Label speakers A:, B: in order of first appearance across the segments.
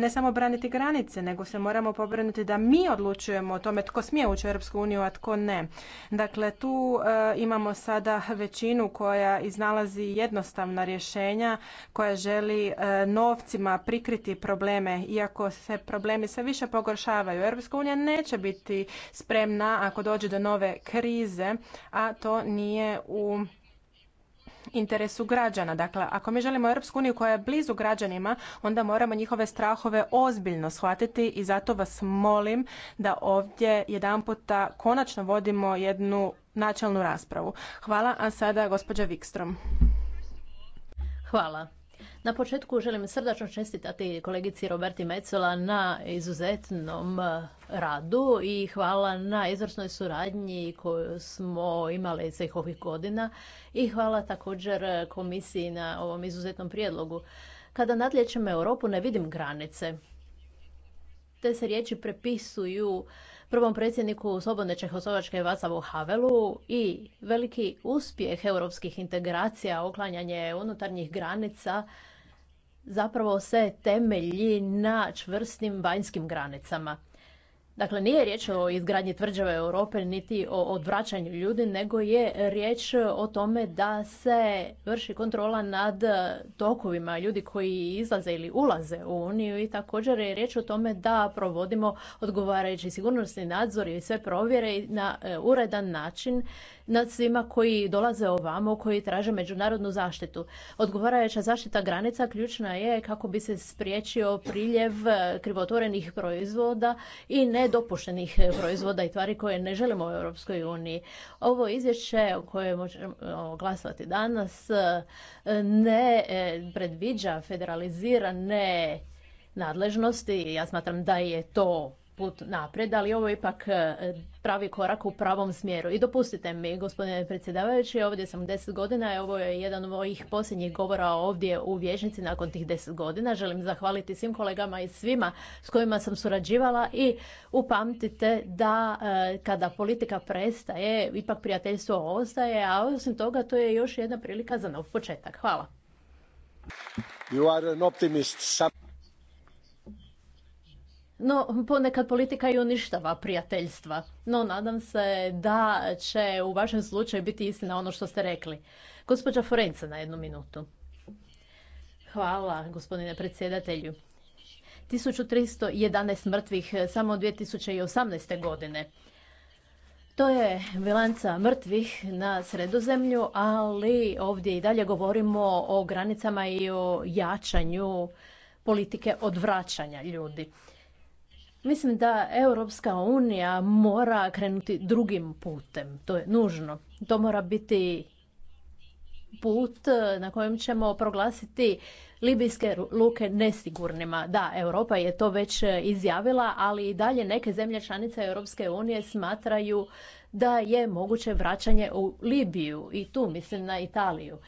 A: ne samo braniti granice, nego se moramo pobrinuti da mi odlučujemo o tome tko smije ući u Europsku uniju, a tko ne. Dakle, tu e, imamo sada većinu koja iznalazi jednostavna rješenja, koja želi e, novcima prikriti probleme, iako se problemi sve više pogoršavaju. Europska unija neće biti spremna ako dođe do nove krize, a to nije u interesu građana. Dakle, ako mi želimo Europsku uniju koja je blizu građanima, onda moramo njihove strahove ozbiljno shvatiti i zato vas molim da ovdje jedanputa konačno vodimo jednu načelnu raspravu. Hvala, a sada gospođa Vikstrom. Hvala. Na početku želim srdačno čestitati kolegici
B: Roberti Mecola na izuzetnom eh, radu i hvala na izvrsnoj suradnji koju smo imali svih ovih godina i hvala također eh, komisiji na ovom izuzetnom prijedlogu. Kada nadlječem Europu ne vidim granice. Te se riječi prepisuju prvom predsjedniku Slobodne Čehoslovačke Vacavu Havelu i veliki uspjeh europskih integracija, oklanjanje unutarnjih granica zapravo se temelji na čvrstim vanjskim granicama. Dakle, nije riječ o izgradnji tvrđave Europe niti o odvraćanju ljudi, nego je riječ o tome da se vrši kontrola nad tokovima ljudi koji izlaze ili ulaze u Uniju i također je riječ o tome da provodimo odgovarajući sigurnosni nadzor i sve provjere na e, uredan način nad svima koji dolaze ovamo, koji traže međunarodnu zaštitu. Odgovarajuća zaštita granica ključna je kako bi se spriječio priljev krivotvorenih proizvoda i nedopuštenih proizvoda i tvari koje ne želimo u Europskoj uniji. Ovo izvješće o kojem možemo glasovati danas e, ne e, predviđa federalizirane nadležnosti. Ja smatram da je to put napred, ali ovo je ipak e, pravi korak u pravom smjeru. I dopustite mi, gospodine predsjedavajući, ovdje sam deset godina i ovo je jedan od mojih posljednjih govora ovdje u Vježnici nakon tih deset godina. Želim zahvaliti svim kolegama i svima s kojima sam surađivala i upamtite da e, kada politika prestaje, ipak prijateljstvo ostaje, a osim toga to je još jedna prilika za nov početak. Hvala.
C: You are an optimist.
B: No, ponekad politika i uništava prijateljstva. No, nadam se da će u vašem slučaju biti istina ono što ste rekli. Gospođa Forenca na jednu minutu. Hvala, gospodine predsjedatelju. 1311 mrtvih samo 2018. godine. To je bilanca mrtvih na sredozemlju, ali ovdje i dalje govorimo o granicama i o jačanju politike odvraćanja ljudi. Mislim da Europska unija mora krenuti drugim putem. To je nužno. To mora biti put eh, na kojem ćemo proglasiti libijske luke nesigurnima. Da, Europa je to već eh, izjavila, ali i dalje neke zemlje članice Europske unije smatraju da je moguće vraćanje u Libiju i tu mislim na Italiju.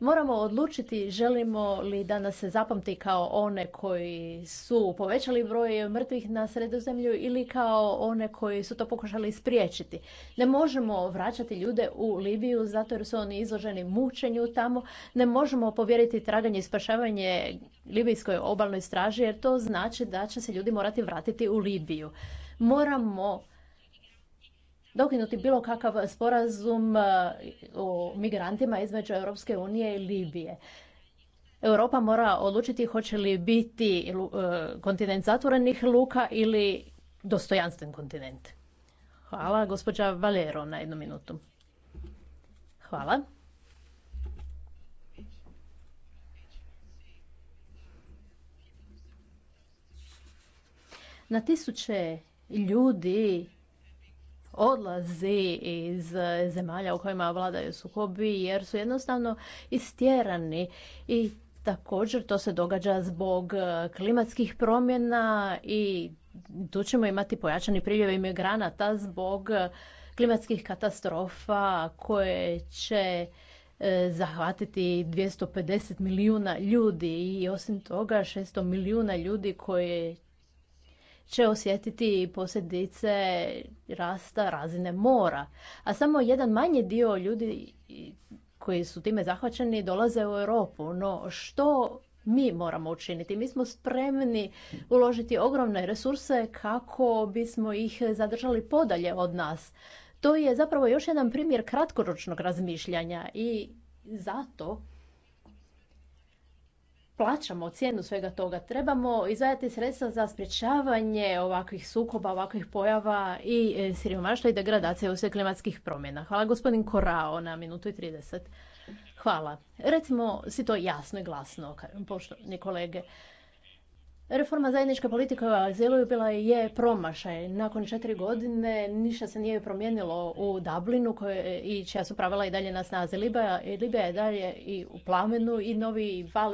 B: Moramo odlučiti želimo li da nas se zapamti kao one koji su povećali broj mrtvih na sredozemlju ili kao one koji su to pokušali spriječiti. Ne možemo vraćati ljude u Libiju zato jer su oni izloženi mučenju tamo. Ne možemo povjeriti traganje i spašavanje libijskoj obalnoj straži jer to znači da će se ljudi morati vratiti u Libiju. Moramo dokinuti bilo kakav sporazum e, o migrantima između Europske unije i Libije. Europa mora odlučiti hoće li biti e, kontinent zatvorenih luka ili dostojanstven kontinent. Hvala, gospođa Valero, na jednu minutu. Hvala. Na tisuće ljudi odlazi iz eh, zemalja u kojima vladaju sukobi jer su jednostavno istjerani i također to se događa zbog eh, klimatskih promjena i tu ćemo imati pojačani priljev imigranata zbog eh, klimatskih katastrofa koje će zahvatiti 250 milijuna ljudi i osim toga 600 milijuna ljudi koje će osjetiti posljedice rasta razine mora. A samo jedan manji dio ljudi koji su time zahvaćeni dolaze u Europu. No što mi moramo učiniti? Mi smo spremni uložiti ogromne resurse kako bismo ih zadržali podalje od nas. To je zapravo još jedan primjer kratkoročnog razmišljanja i zato plaćamo cijenu svega toga. Trebamo izvajati sredstva za sprječavanje ovakvih sukoba, ovakvih pojava i e, siromaštva i degradacije uslijed klimatskih promjena. Hvala gospodin Korao na minutu i 30. Hvala. Recimo si to jasno i glasno, poštovni kolege. Reforma zajedničke politike u azilu bila je promašaj. Nakon četiri godine ništa se nije promijenilo u Dublinu koje, i čija su pravila i dalje na snazi. Libija, Libija je dalje i u plamenu i novi val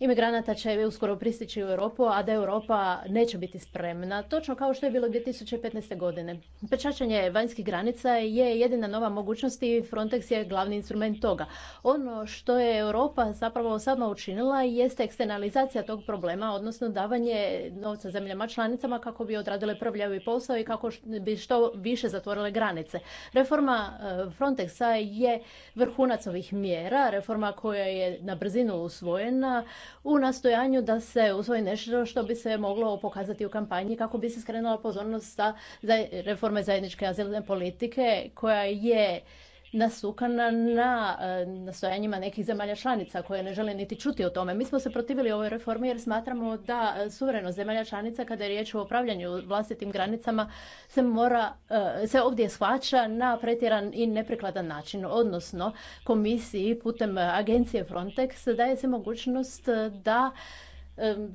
B: imigranata će uskoro pristići u Europu, a da Europa neće biti spremna, točno kao što je bilo 2015. godine. Pečačenje vanjskih granica je jedina nova mogućnost i Frontex je glavni instrument toga. Ono što je Europa zapravo sama učinila jeste eksternalizacija tog problema, odnosno davanje novca zemljama članicama kako bi odradile prvljavi posao i kako bi što više zatvorile granice. Reforma e, Frontexa je vrhunac ovih mjera, reforma koja je na brzinu usvojena, u nastojanju da se usvoji nešto što bi se moglo pokazati u kampanji kako bi se skrenula pozornost sa reforme zajedničke azilne politike koja je nasukana na e, nastojanjima nekih zemalja članica koje ne žele niti čuti o tome. Mi smo se protivili ovoj reformi jer smatramo da e, suverenost zemalja članica kada je riječ o upravljanju vlastitim granicama se mora e, se ovdje shvaća na pretjeran i neprikladan način, odnosno komisiji putem agencije Frontex daje se mogućnost da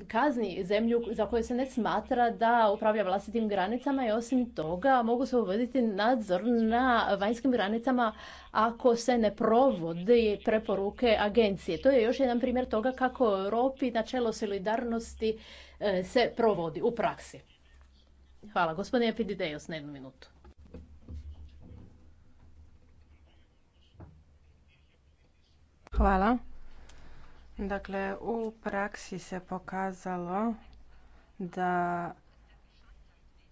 B: kazni zemlju za koju se ne smatra da upravlja vlastitim granicama i osim toga mogu se uvoditi nadzor na vanjskim granicama ako se ne provodi preporuke agencije. To je još jedan primjer toga kako u Europi načelo solidarnosti e, se provodi u praksi. Hvala. Gospodine Epididejos, na jednu minutu.
A: Hvala. Dakle, u praksi se pokazalo da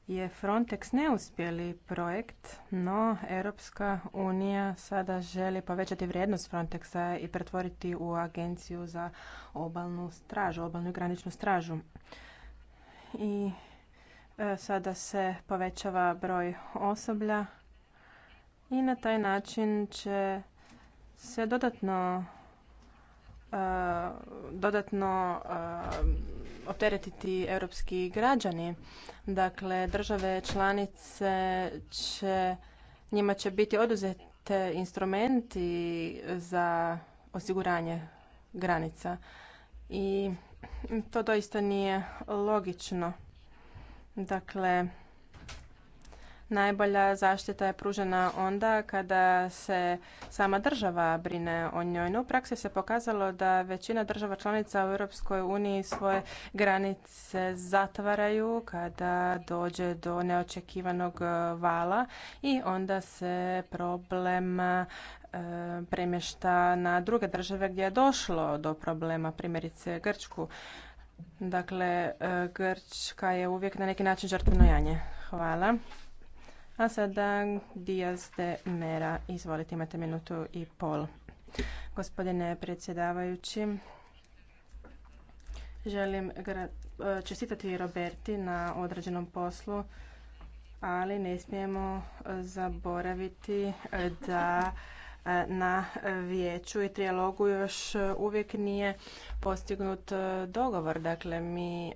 A: je Frontex neuspjeli projekt, no Europska unija sada želi povećati vrijednost Frontexa i pretvoriti u agenciju za obalnu stražu, obalnu i graničnu stražu. I e, sada se povećava broj osoblja i na taj način će se dodatno Eh, dodatno eh, opteretiti europski građani. Dakle, države članice će, njima će biti oduzete instrumenti za osiguranje granica. I to doista nije logično. Dakle, Najbolja zaštita je pružena onda kada se sama država brine o njoj. No, u praksi se pokazalo da većina država članica u Europskoj uniji svoje granice zatvaraju kada dođe do neočekivanog e, vala i onda se problem e, premješta na druge države gdje je došlo do problema, primjerice Grčku. Dakle, e, Grčka je uvijek na neki način žrtveno janje. Hvala. A sada Dijaz de Mera, izvolite, imate minutu i pol. Gospodine predsjedavajući, želim e, čestitati Roberti na odrađenom poslu, ali ne smijemo zaboraviti da na vijeću i trijalogu još uvijek nije postignut e, dogovor. Dakle, mi e,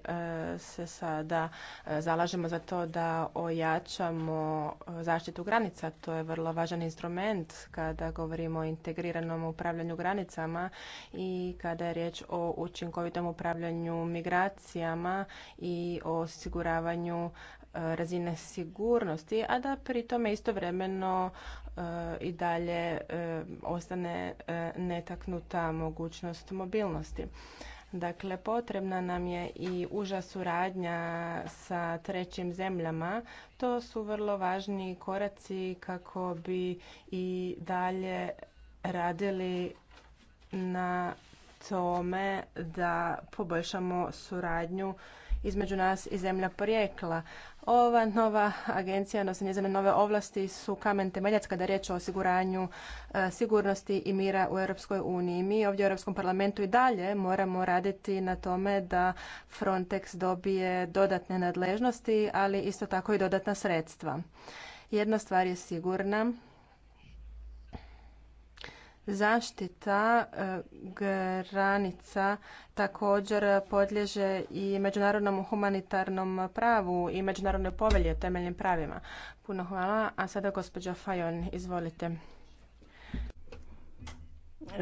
A: se sada e, zalažemo za to da ojačamo zaštitu granica. To je vrlo važan instrument kada govorimo o integriranom upravljanju granicama i kada je riječ o učinkovitom upravljanju migracijama i o osiguravanju Eh, razine sigurnosti, a da pri tome istovremeno eh, i dalje eh, ostane netaknuta mogućnost mobilnosti. Dakle, potrebna nam je i uža suradnja sa trećim zemljama. To su vrlo važni koraci kako bi i dalje radili na tome da poboljšamo suradnju između nas i zemlja porijekla. Ova nova agencija, odnosno njezine nove ovlasti su kamen temeljac kada je riječ o osiguranju e, sigurnosti i mira u Europskoj uniji. Mi ovdje u Europskom parlamentu i dalje moramo raditi na tome da Frontex dobije dodatne nadležnosti, ali isto tako i dodatna sredstva. Jedna stvar je sigurna, Zaštita e, granica također podliježe i međunarodnom humanitarnom pravu i međunarodnoj povelji o temeljnim pravima. Puno hvala. A sada gospođa Fajon, izvolite.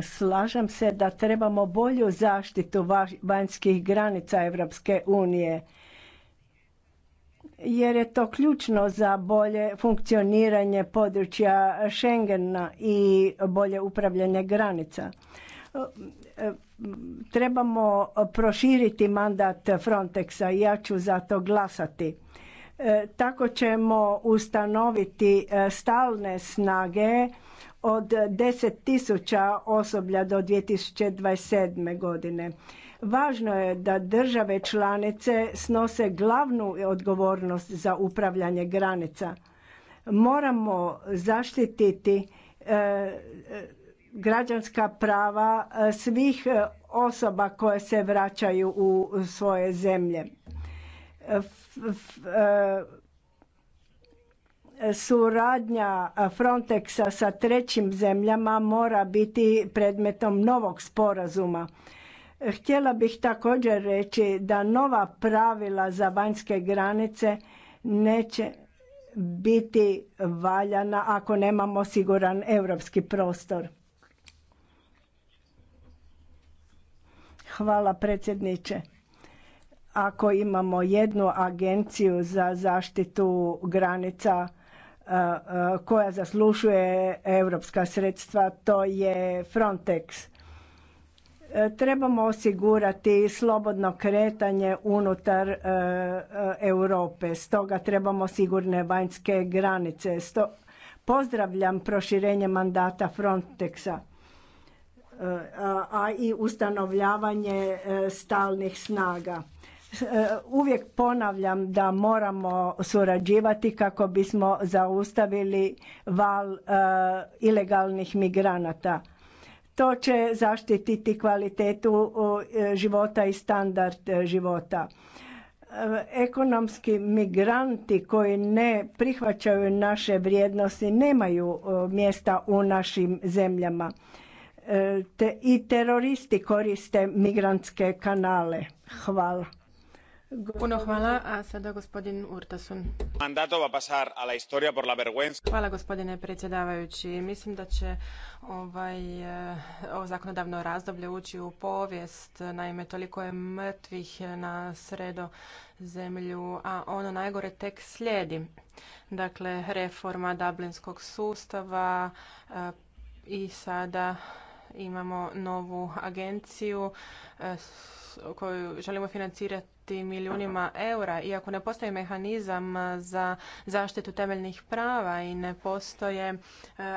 D: Slažem se da trebamo bolju zaštitu vanjskih granica Europske unije jer je to ključno za bolje funkcioniranje područja Schengena i bolje upravljanje granica. Trebamo proširiti mandat Frontexa i ja ću za to glasati. Tako ćemo ustanoviti stalne snage od 10.000 osoblja do 2027. godine Važno je da države članice snose glavnu odgovornost za upravljanje granica. Moramo zaštititi e, e, građanska prava e, svih osoba koje se vraćaju u svoje zemlje. Suradnja Frontexa sa trećim zemljama mora biti predmetom novog sporazuma Htjela bih također reći da nova pravila za vanjske granice neće biti valjana ako nemamo siguran europski prostor. Hvala predsjedniče. Ako imamo jednu agenciju za zaštitu granica e, e, koja zaslušuje europska sredstva, to je Frontex Trebamo osigurati slobodno kretanje unutar e, e, Europe, stoga trebamo sigurne vanjske granice. Pozdravljam proširenje mandata Frontexa e, a i ustanovljavanje stalnih snaga. Uvijek ponavljam da moramo surađivati kako bismo zaustavili val ilegalnih migranata. To će zaštititi kvalitetu e, života i standard e, života. E, ekonomski migranti koji ne prihvaćaju naše vrijednosti nemaju mjesta u našim zemljama. I teroristi koriste migrantske kanale. Hvala
A: hvala, a gospodine predsjedavajući. Mislim da će ovaj, eh, ovo zakonodavno razdoblje ući u povijest. Naime, toliko je mrtvih na sredo zemlju, a ono najgore tek slijedi. Dakle, reforma Dublinskog sustava eh, i sada imamo novu agenciju eh, koju želimo financirati milijunima eura iako ne postoji mehanizam za zaštitu temeljnih prava i ne postoje e,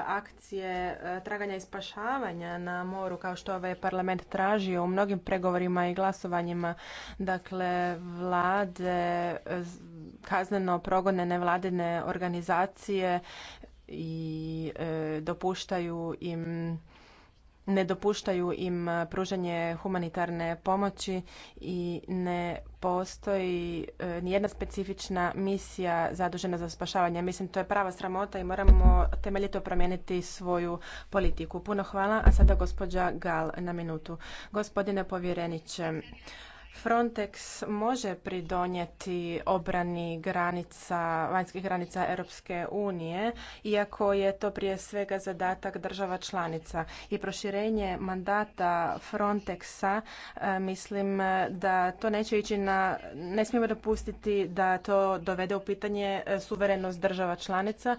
A: akcije e, traganja i spašavanja na moru kao što ovaj parlament tražio u mnogim pregovorima i glasovanjima dakle vlade e, kazneno progone nevladine organizacije i dopuštaju im ne dopuštaju im e, pružanje humanitarne pomoći i ne postoji e, nijedna specifična misija zadužena za spašavanje. Mislim, to je prava sramota i moramo temeljito promijeniti svoju politiku. Puno hvala, a sada gospođa Gal na minutu. Gospodine povjereniče, Frontex može pridonijeti obrani granica, vanjskih granica Europske unije, iako je to prije svega zadatak država članica. I proširenje mandata Frontexa, e, mislim da to neće ići na, ne smijemo dopustiti da to dovede u pitanje e, suverenost država članica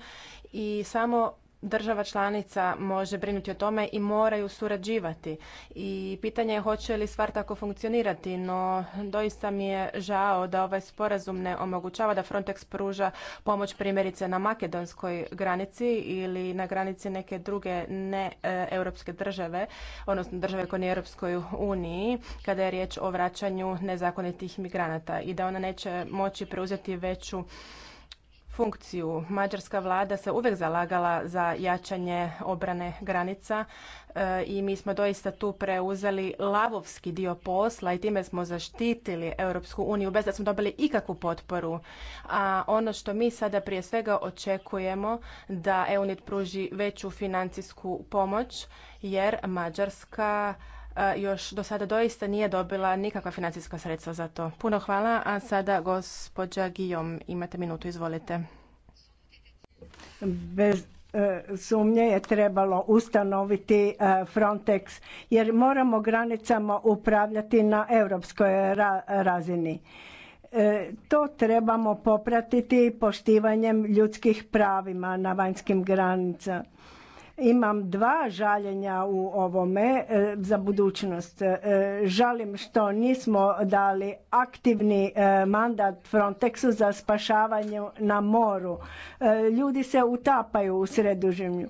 A: i samo država članica može brinuti o tome i moraju surađivati. I pitanje je hoće li stvar tako funkcionirati, no doista mi je žao da ovaj sporazum ne omogućava da Frontex pruža pomoć primjerice na makedonskoj granici ili na granici neke druge ne europske države, odnosno države koje nije Europskoj uniji, kada je riječ o vraćanju nezakonitih migranata i da ona neće moći preuzeti veću funkciju. Mađarska vlada se uvijek zalagala za jačanje obrane granica e, i mi smo doista tu preuzeli lavovski dio posla i time smo zaštitili Europsku uniju bez da smo dobili ikakvu potporu. A ono što mi sada prije svega očekujemo da EUNIT pruži veću financijsku pomoć jer Mađarska još do sada doista nije dobila nikakva financijska sredstva za to. Puno hvala, a sada gospođa Gijom, imate minutu, izvolite.
D: Bez e, sumnje je trebalo ustanoviti e, Frontex jer moramo granicama upravljati na europskoj razini. E, to trebamo popratiti poštivanjem ljudskih pravima na vanjskim granicama imam dva žaljenja u ovome e, za budućnost. E, žalim što nismo dali aktivni e, mandat Frontexu za spašavanje na moru. Ljudi se utapaju u sredozemlju.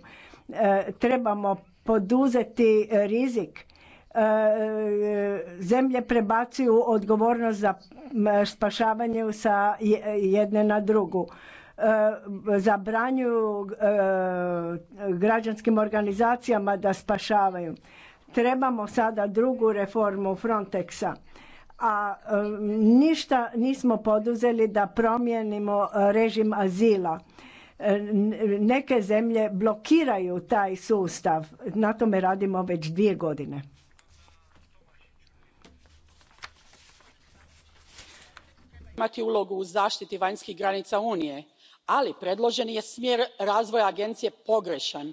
D: Trebamo poduzeti rizik zemlje prebacuju odgovornost za spašavanje sa jedne na drugu. E, zabranjuju e, građanskim organizacijama da spašavaju. Trebamo sada drugu reformu Frontexa, a e, ništa nismo poduzeli da promijenimo režim azila. Neke zemlje blokiraju taj sustav. Na tome radimo već dvije godine.
E: imati ulogu u zaštiti vanjskih granica unije ali predloženi je smjer razvoja agencije pogrešan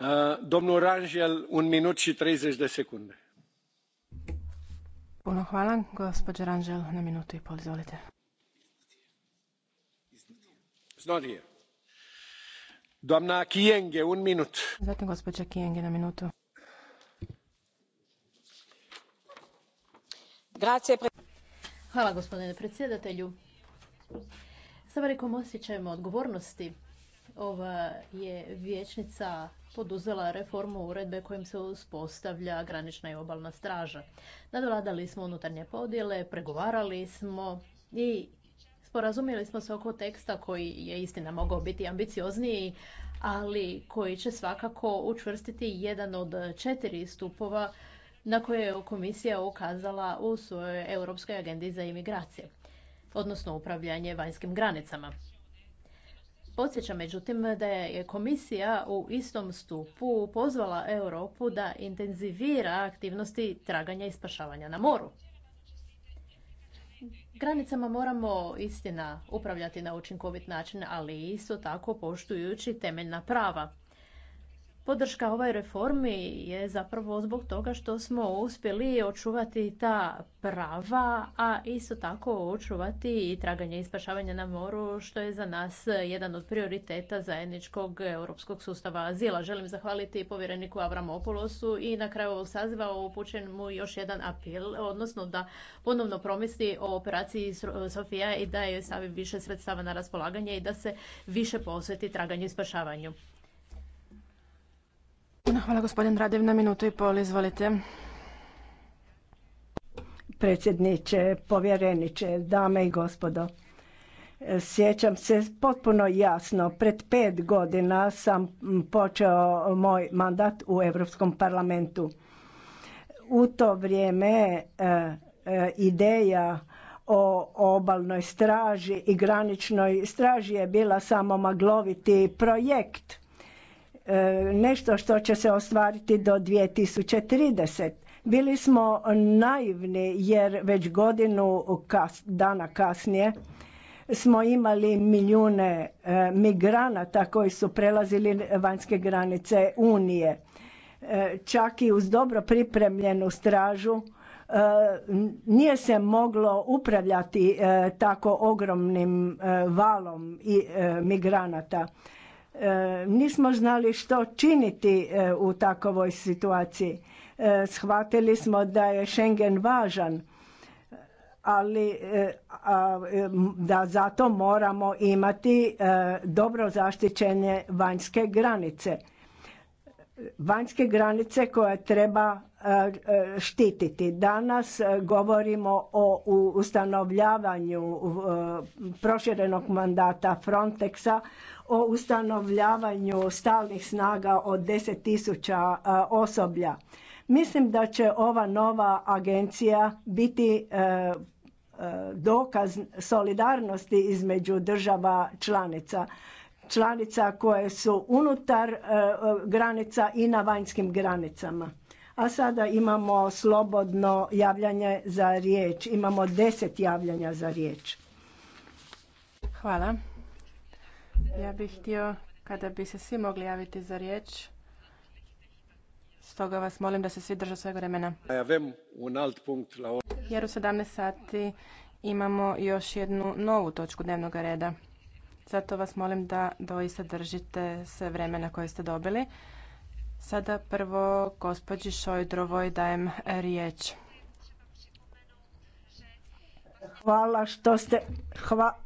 C: Uh, domnul Ranžel, un minut i 30 de sekunde.
A: Puno hvala. Gospođa Ranžel, na minutu i pol, izvolite.
C: Znodije. Doamna Kijenge, un minut.
A: Zatim gospođa Kijenge na minutu. Grazie, pre... Hvala gospodine predsjedatelju.
B: Sa velikom osjećajem odgovornosti ova je vječnica poduzela reformu uredbe kojim se uspostavlja granična i obalna straža. Nadoladali smo unutarnje podjele, pregovarali smo i sporazumili smo se oko teksta koji je istina mogao biti ambiciozniji, ali koji će svakako učvrstiti jedan od četiri stupova na koje je komisija ukazala u svojoj Europskoj agendi za imigracije, odnosno upravljanje vanjskim granicama. Podsjećam međutim da je komisija u istom stupu pozvala Europu da intenzivira aktivnosti traganja i spašavanja na moru. Granicama moramo istina upravljati na učinkovit način, ali isto tako poštujući temeljna prava. Podrška ovoj reformi je zapravo zbog toga što smo uspjeli očuvati ta prava, a isto tako očuvati i traganje i spašavanje na moru, što je za nas jedan od prioriteta zajedničkog europskog sustava azila. Želim zahvaliti povjereniku Avramopoulosu i na kraju ovog saziva upućen mu još jedan apel, odnosno da ponovno promisli o operaciji Sofija i da joj stavi više sredstava na raspolaganje i da se više posveti traganju i spašavanju
A: hvala gospodin Radev na minutu i pol, izvolite.
D: Predsjedniče, povjereniče, dame i gospodo. Sjećam se potpuno jasno, pred pet godina sam počeo moj mandat u Europskom parlamentu. U to vrijeme e, e, ideja o obalnoj straži i graničnoj straži je bila samo magloviti projekt E, nešto što će se ostvariti do 2030. Bili smo naivni jer već godinu dana kasnije smo imali milijune e, migranata koji su prelazili vanjske granice Unije. E, čak i uz dobro pripremljenu stražu e, nije se moglo upravljati tako ogromnim valom i migranata. E, nismo znali što činiti e, u takovoj situaciji. E, shvatili smo da je Schengen važan, ali da zato moramo imati dobro zaštićene vanjske granice. Vanjske granice koje treba štititi. Danas e, govorimo o ustanovljavanju e, proširenog mandata Frontexa, o ustanovljavanju stalnih snaga od 10.000 e, osoblja. Mislim da će ova nova agencija biti dokaz solidarnosti između država članica članica koje su unutar granica i na vanjskim granicama. A sada imamo slobodno javljanje za riječ. Imamo deset javljanja za riječ.
A: Hvala. Ja bih htio kada bi se svi mogli javiti za riječ. Stoga vas molim da se svi drže svega vremena. Jer u 17 sati imamo još jednu novu točku dnevnog reda. Zato vas molim da doista držite se vremena koje ste dobili. Sada prvo gospođi Šojdrovoj dajem riječ. Hvala što ste,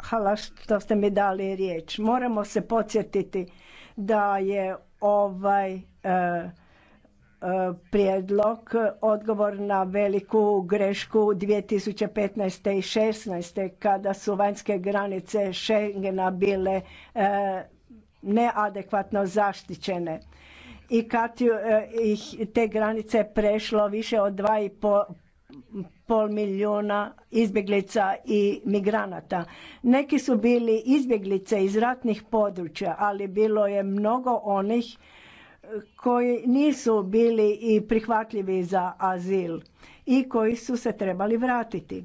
D: hvala što ste mi dali riječ. Moramo se podsjetiti da je ovaj e, e, prijedlog odgovor na veliku grešku 2015. i 16. kada su vanjske granice Schengena bile e, neadekvatno zaštićene i kad e, ih te granice prešlo više od 2,5 milijuna izbjeglica i migranata. Neki su bili izbjeglice iz ratnih područja, ali bilo je mnogo onih e, koji nisu bili i prihvatljivi za azil i koji su se trebali vratiti.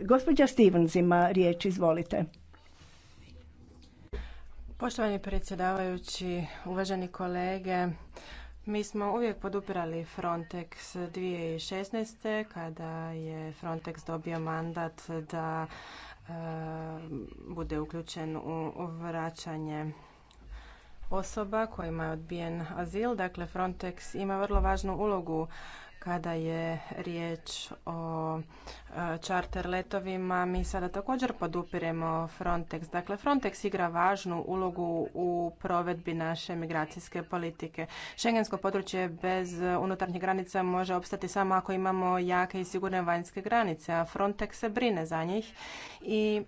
D: gospođa Stevens ima riječ, izvolite.
A: Poštovani predsjedavajući, uvaženi kolege, mi smo uvijek podupirali Frontex 2016. kada je Frontex dobio mandat da e, bude uključen u vraćanje osoba kojima je odbijen azil. Dakle, Frontex ima vrlo važnu ulogu kada je riječ o čarter e, letovima, mi sada također podupiremo Frontex. Dakle, Frontex igra važnu ulogu u provedbi naše migracijske politike. Šengensko područje bez unutarnjih granica može opstati samo ako imamo jake i sigurne vanjske granice, a Frontex se brine za njih i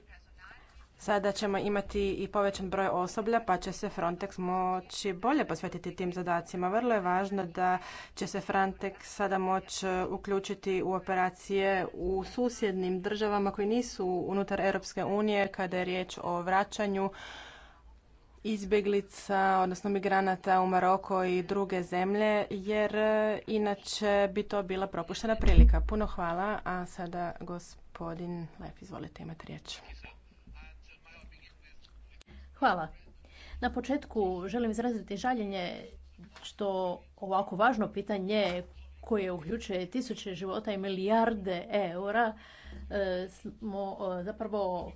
A: Sada ćemo imati i povećan broj osoblja, pa će se Frontex moći bolje posvetiti tim zadacima. Vrlo je važno da će se Frontex sada moći e, uključiti u operacije u susjednim državama koji nisu unutar Europske unije kada je riječ o vraćanju izbjeglica, odnosno migranata u Maroko i druge zemlje, jer e, inače bi to bila propuštena prilika. Puno hvala, a sada gospodin Lef, izvolite, imati riječ.
B: Hvala. Na početku želim izraziti žaljenje što ovako važno pitanje koje uključuje tisuće života i milijarde eura e, smo e, zapravo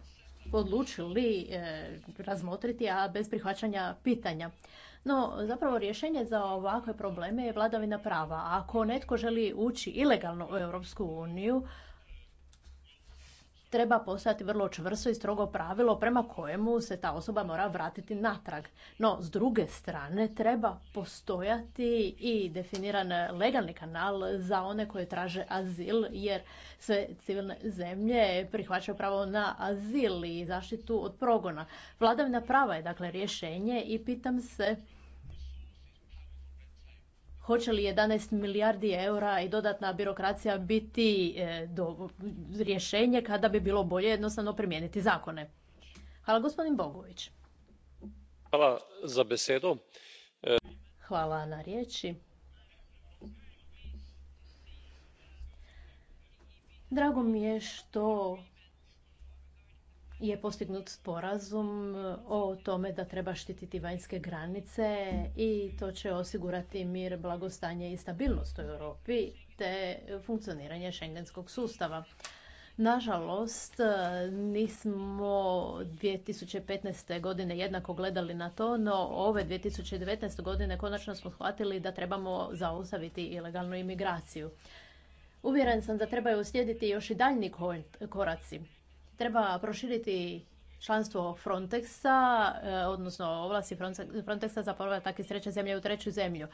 B: odlučili e, razmotriti, a bez prihvaćanja pitanja. No, zapravo rješenje za ovakve probleme je vladavina prava. Ako netko želi ući ilegalno u Europsku uniju, treba postati vrlo čvrsto i strogo pravilo prema kojemu se ta osoba mora vratiti natrag. No, s druge strane, treba postojati i definiran legalni kanal za one koje traže azil, jer sve civilne zemlje prihvaćaju pravo na azil i zaštitu od progona. Vladavina prava je dakle rješenje i pitam se hoće li 11 milijardi eura i dodatna birokracija biti e, do, rješenje kada bi bilo bolje jednostavno primijeniti zakone. Hvala gospodin Bogović.
F: Hvala za besedo. E,
B: Hvala na riječi. Drago mi je što je postignut sporazum e, o tome da treba štititi vanjske granice i to će osigurati mir, blagostanje i stabilnost u Europi te funkcioniranje šengenskog sustava. Nažalost, e, nismo 2015. godine jednako gledali na to, no ove 2019. godine konačno smo shvatili da trebamo zaustaviti ilegalnu imigraciju. Uvjeren sam da trebaju uslijediti još i daljni koraci Treba proširiti članstvo Frontexa, e, odnosno ovlasti Frontexa za povratak iz treće zemlje u treću zemlju.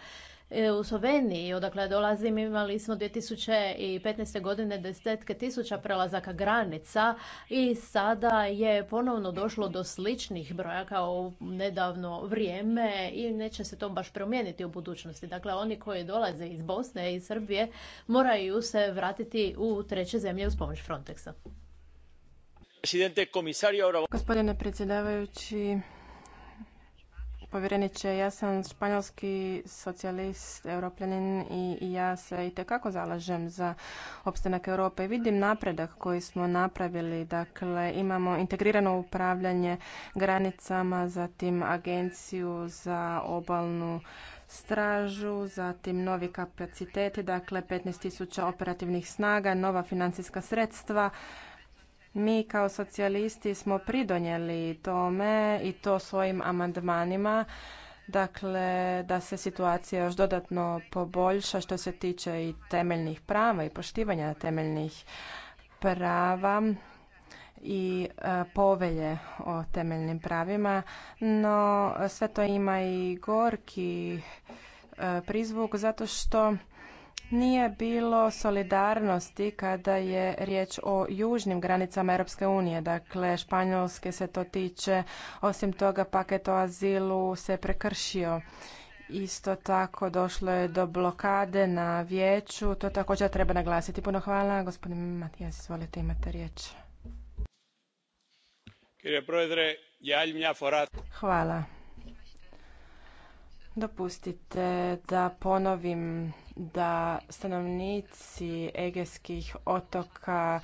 B: E, u Sloveniji, odakle dolazim, imali smo 2015. godine desetke tisuća prelazaka granica i sada je ponovno došlo do sličnih broja u nedavno vrijeme i neće se to baš promijeniti u budućnosti. Dakle, oni koji dolaze iz Bosne i Srbije moraju se vratiti u treće zemlje uz
A: pomoć Frontexa. Gospodine predsjedavajući, povjereniče, ja sam španjolski socijalist, europljanin i ja se itekako zalažem za opstanak Europe. i Vidim napredak koji smo napravili, dakle imamo integrirano upravljanje granicama, zatim agenciju za obalnu stražu, zatim novi kapaciteti, dakle 15.000 operativnih snaga, nova financijska sredstva. Mi kao socijalisti smo pridonijeli tome i to svojim amandmanima dakle da se situacija još dodatno poboljša što se tiče i temeljnih prava i poštivanja temeljnih prava i e, povelje o temeljnim pravima, no sve to ima i gorki e, prizvuk zato što nije bilo solidarnosti kada je riječ o južnim granicama Europske unije. Dakle, Španjolske se to tiče. Osim toga, paket o azilu se prekršio. Isto tako došlo je do blokade na vijeću. To također treba naglasiti. Puno hvala. Gospodin Matijas, izvolite, imate riječ. Hvala. Dopustite da ponovim da stanovnici Egejskih otoka e,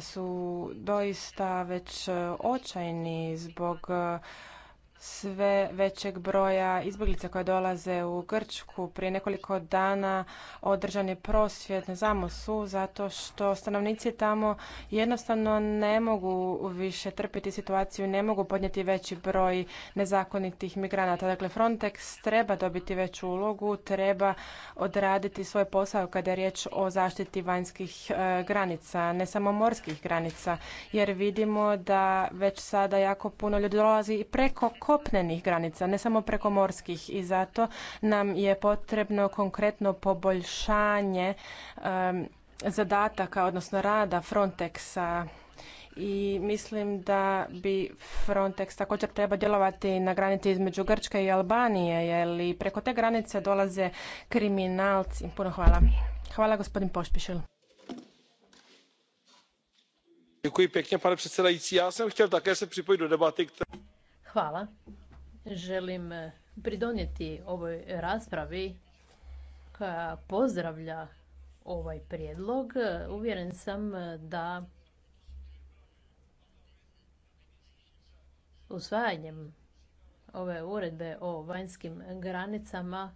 A: su doista već očajni zbog sve većeg broja izbjeglica koje dolaze u Grčku. Prije nekoliko dana održan je prosvjed na Zamosu zato što stanovnici tamo jednostavno ne mogu više trpjeti situaciju, ne mogu podnijeti veći broj nezakonitih migranata. Dakle, Frontex treba dobiti veću ulogu, treba odraditi svoj posao kada je riječ o zaštiti vanjskih e, granica, ne samo morskih granica, jer vidimo da već sada jako puno ljudi dolazi i preko kopnenih granica, ne samo preko morskih i zato nam je potrebno konkretno poboljšanje zadataka, odnosno rada Frontexa i mislim da bi Frontex također treba djelovati na granici između Grčke i Albanije, jer i preko te granice dolaze kriminalci. Puno hvala. Hvala gospodin Pošpišil.
C: Děkuji pěkně, pane předsedající. se připojit do debaty,
B: Hvala. Želim eh, pridonijeti ovoj raspravi koja pozdravlja ovaj prijedlog. Uvjeren sam eh, da usvajanjem ove uredbe o vanjskim granicama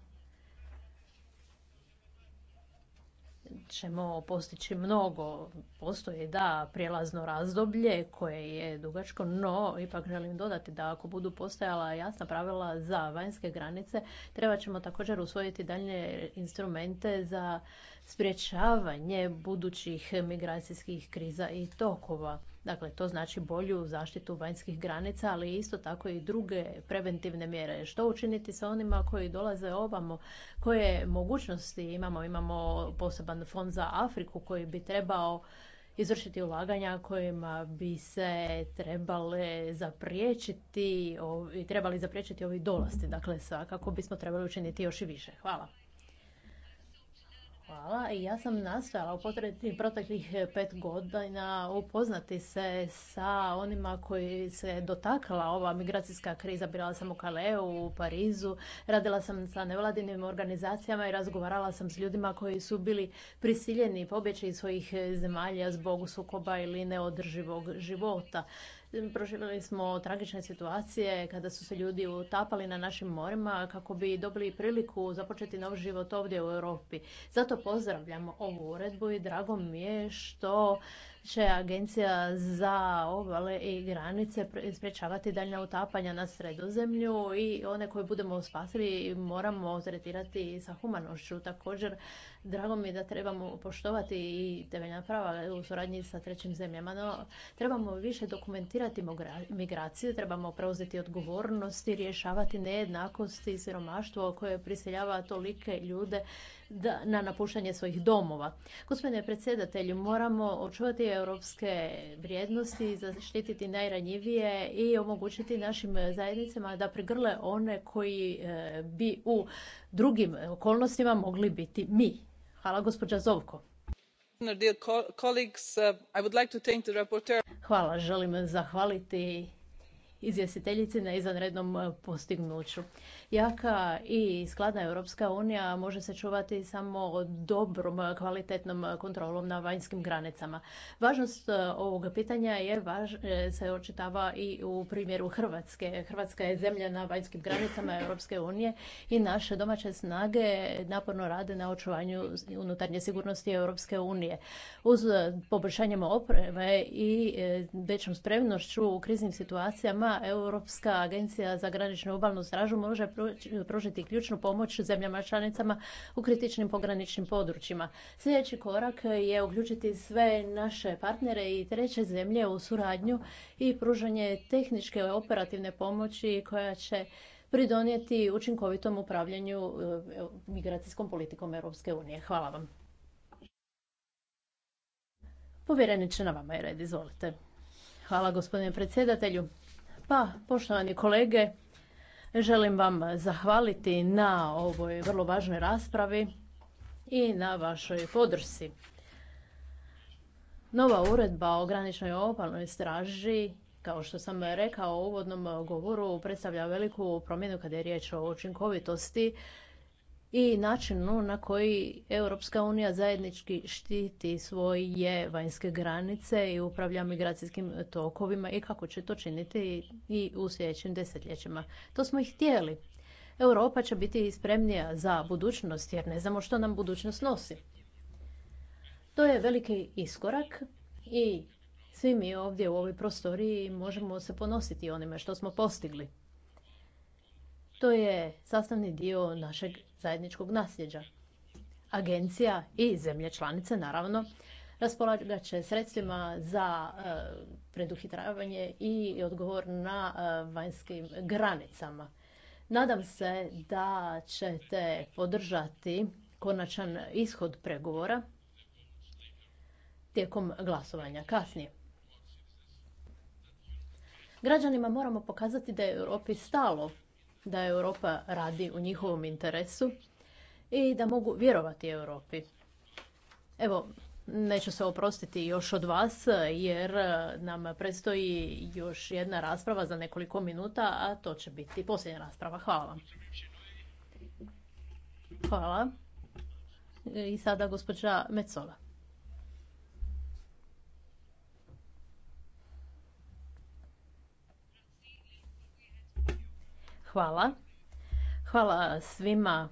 B: ćemo postići mnogo. Postoji da prijelazno razdoblje koje je dugačko, no ipak želim dodati da ako budu postojala jasna pravila za vanjske granice, treba ćemo također usvojiti dalje instrumente za sprječavanje budućih migracijskih kriza i tokova. Dakle, to znači bolju zaštitu vanjskih granica, ali isto tako i druge preventivne mjere. Što učiniti sa onima koji dolaze ovamo? Koje mogućnosti imamo? Imamo poseban fond za Afriku koji bi trebao izvršiti ulaganja kojima bi se trebale zapriječiti, trebali zapriječiti ovi dolasti. Dakle, svakako bismo trebali učiniti još i više. Hvala. Hvala. I ja sam nastojala u proteklih eh, pet godina upoznati se sa onima koji se dotakla ova migracijska kriza. Bila sam u Kaleu, u Parizu, radila sam sa nevladinim organizacijama i razgovarala sam s ljudima koji su bili prisiljeni pobjeći iz svojih eh, zemalja zbog sukoba ili neodrživog života. Proživjeli smo tragične situacije kada su se ljudi utapali na našim morima kako bi dobili priliku započeti nov život ovdje u Europi. Zato pozdravljam ovu uredbu i drago mi je što će Agencija za obale i granice sprječavati daljnja utapanja na sredozemlju i one koje budemo spasili moramo tretirati sa humanošću. Također, drago mi je da trebamo poštovati i temeljna prava u suradnji sa trećim zemljama, no trebamo više dokumentirati migraciju, trebamo preuzeti odgovornosti, i rješavati nejednakosti i siromaštvo koje prisiljava tolike ljude na napuštanje svojih domova. Gospodine predsjedatelju, moramo očuvati europske vrijednosti, zaštititi najranjivije i omogućiti našim zajednicama da prigrle one koji e, bi u drugim okolnostima mogli biti mi. Hvala gospođa Zovko. Uh, Hvala, želim zahvaliti izvjestiteljici na izvanrednom e, postignuću. Jaka i skladna Europska unija može se čuvati samo dobrom, e, kvalitetnom e, kontrolom na vanjskim granicama. Važnost ovog pitanja je važ, se očitava i u primjeru Hrvatske. Hrvatska je zemlja na vanjskim granicama Europske unije i naše domaće snage naporno rade na očuvanju unutarnje sigurnosti Europske unije. Uz poboljšanjem opreme i većom spremnošću u kriznim situacijama Europska agencija za graničnu obalnu stražu može pružiti ključnu pomoć zemljama članicama u kritičnim pograničnim područjima. Sljedeći korak je uključiti sve naše partnere i treće zemlje u suradnju i pružanje tehničke operativne pomoći koja će pridonijeti učinkovitom upravljanju e, migracijskom politikom Europske unije. Hvala vam. Povjereniče, na vama je red, izvolite. Hvala gospodine predsjedatelju. Pa, poštovani kolege, želim vam zahvaliti na ovoj vrlo važnoj raspravi i na vašoj podršci. Nova uredba o graničnoj opalnoj straži, kao što sam rekao u uvodnom govoru, predstavlja veliku promjenu kada je riječ o učinkovitosti i načinu na koji Europska unija zajednički štiti svoje vanjske granice i upravlja migracijskim tokovima i kako će to činiti i u sljedećim desetljećima. To smo i htjeli. Europa će biti spremnija za budućnost jer ne znamo što nam budućnost nosi. To je veliki iskorak i svi mi ovdje u ovoj prostoriji možemo se ponositi onime što smo postigli. To je sastavni dio našeg zajedničkog nasljeđa. Agencija i zemlje članice, naravno, raspolagat će sredstvima za e, preduhitravanje i odgovor na e, vanjskim granicama. Nadam se da ćete podržati konačan ishod pregovora tijekom glasovanja kasnije. Građanima moramo pokazati da je Europi stalo da Europa radi u njihovom interesu i da mogu vjerovati Europi. Evo, neću se oprostiti još od vas jer e, nam predstoji još jedna rasprava za nekoliko minuta, a to će biti posljednja rasprava. Hvala vam. Hvala. I sada gospođa Mecola. Hvala. Hvala svima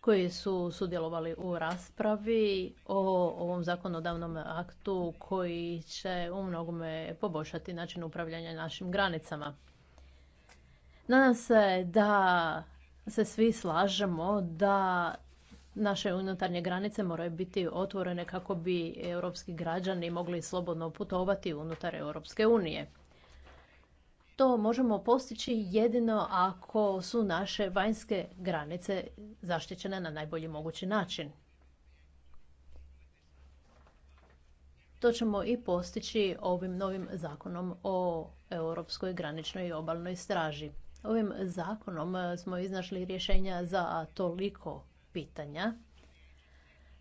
B: koji su sudjelovali u raspravi o ovom zakonodavnom aktu koji će u mnogome poboljšati način upravljanja našim granicama. Nadam se da se svi slažemo da naše unutarnje granice moraju biti otvorene kako bi europski građani mogli slobodno putovati unutar Europske unije to možemo postići jedino ako su naše vanjske granice zaštićene na najbolji mogući način. To ćemo i postići ovim novim zakonom o Europskoj graničnoj i obalnoj straži. Ovim zakonom smo iznašli rješenja za toliko pitanja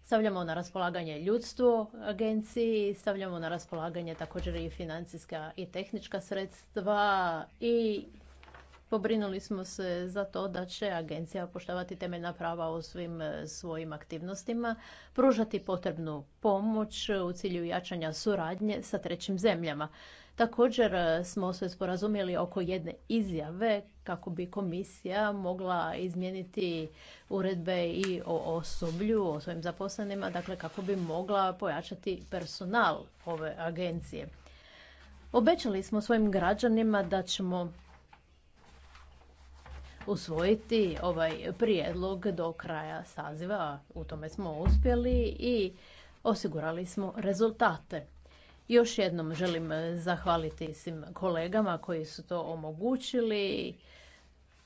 B: Stavljamo na raspolaganje ljudstvo agenciji, stavljamo na raspolaganje također i financijska i tehnička sredstva i pobrinuli smo se za to da će agencija poštavati temeljna prava u svim e, svojim aktivnostima, pružati potrebnu pomoć u cilju jačanja suradnje sa trećim zemljama. Također e, smo se sporazumjeli oko jedne izjave kako bi komisija mogla izmijeniti uredbe i o osoblju, o svojim zaposlenima, dakle kako bi mogla pojačati personal ove agencije. Obećali smo svojim građanima da ćemo usvojiti ovaj prijedlog do kraja saziva. U tome smo uspjeli i osigurali smo rezultate. Još jednom želim e, zahvaliti svim kolegama koji su to omogućili,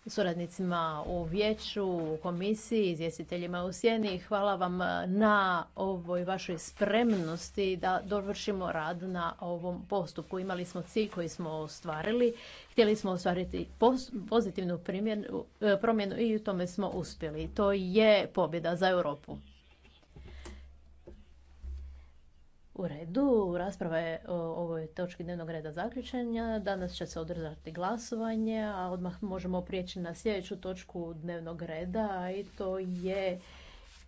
B: suradnicima u vijeću, komisiji, izvjestiteljima u sjeni. Hvala vam e, na ovoj vašoj spremnosti da dovršimo rad na ovom postupku. Imali smo cilj koji smo ostvarili. Htjeli smo ostvariti pozitivnu primjenu, e, promjenu i u tome smo uspjeli. To je pobjeda za Europu. U redu, rasprava je o ovoj točki dnevnog reda zaključenja. Danas će se održati glasovanje, a odmah možemo prijeći na sljedeću točku dnevnog reda i to je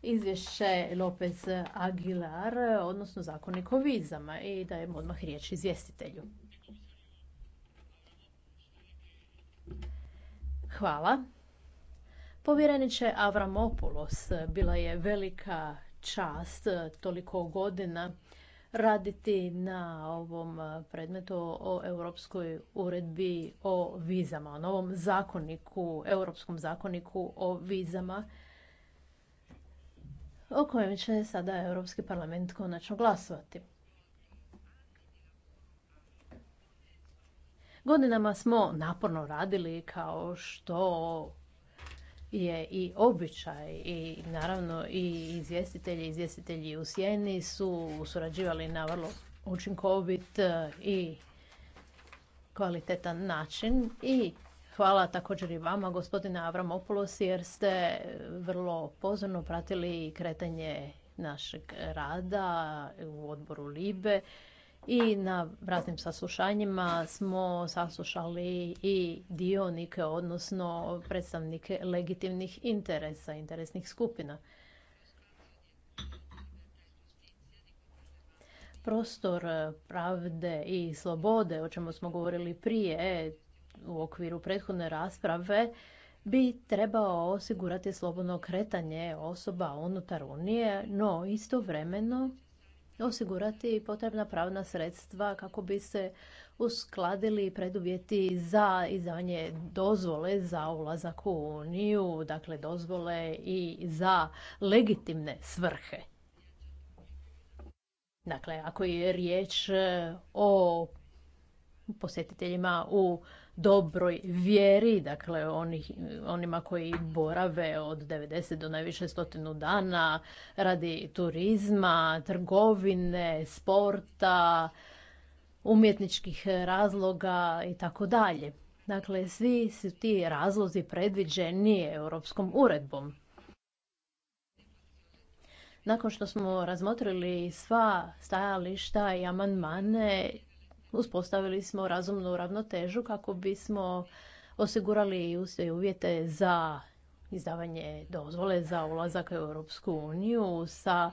B: izvješće Lopez Aguilar, odnosno zakonik o vizama i dajemo odmah riječ izvjestitelju. Hvala. Povjereniče Avramopoulos, bila je velika čast toliko godina raditi na ovom eh, predmetu o europskoj uredbi o vizama, o novom zakoniku, europskom zakoniku o vizama o kojem će sada Europski parlament konačno glasovati. Godinama smo naporno radili kao što je i običaj i naravno i izvjestitelji i izvjestitelji u sjeni su surađivali na vrlo učinkovit e, i kvalitetan način i hvala također i vama gospodine Avramopoulos jer ste vrlo pozorno pratili kretanje našeg rada u odboru LIBE i na raznim saslušanjima smo saslušali i dionike, odnosno predstavnike legitimnih interesa, interesnih skupina. Prostor pravde i slobode, o čemu smo govorili prije u okviru prethodne rasprave, bi trebao osigurati slobodno kretanje osoba unutar Unije, no istovremeno osigurati potrebna pravna sredstva kako bi se uskladili preduvjeti za izdavanje dozvole za ulazak u Uniju, dakle dozvole i za legitimne svrhe. Dakle, ako je riječ o posjetiteljima u dobroj vjeri, dakle onima koji borave od 90 do najviše stotinu dana radi turizma, trgovine, sporta, umjetničkih razloga i tako dalje. Dakle, svi su ti razlozi predviđeni europskom uredbom. Nakon što smo razmotrili sva stajališta i amandmane, uspostavili smo razumnu ravnotežu kako bismo osigurali uvjete za izdavanje dozvole za ulazak u Europsku uniju sa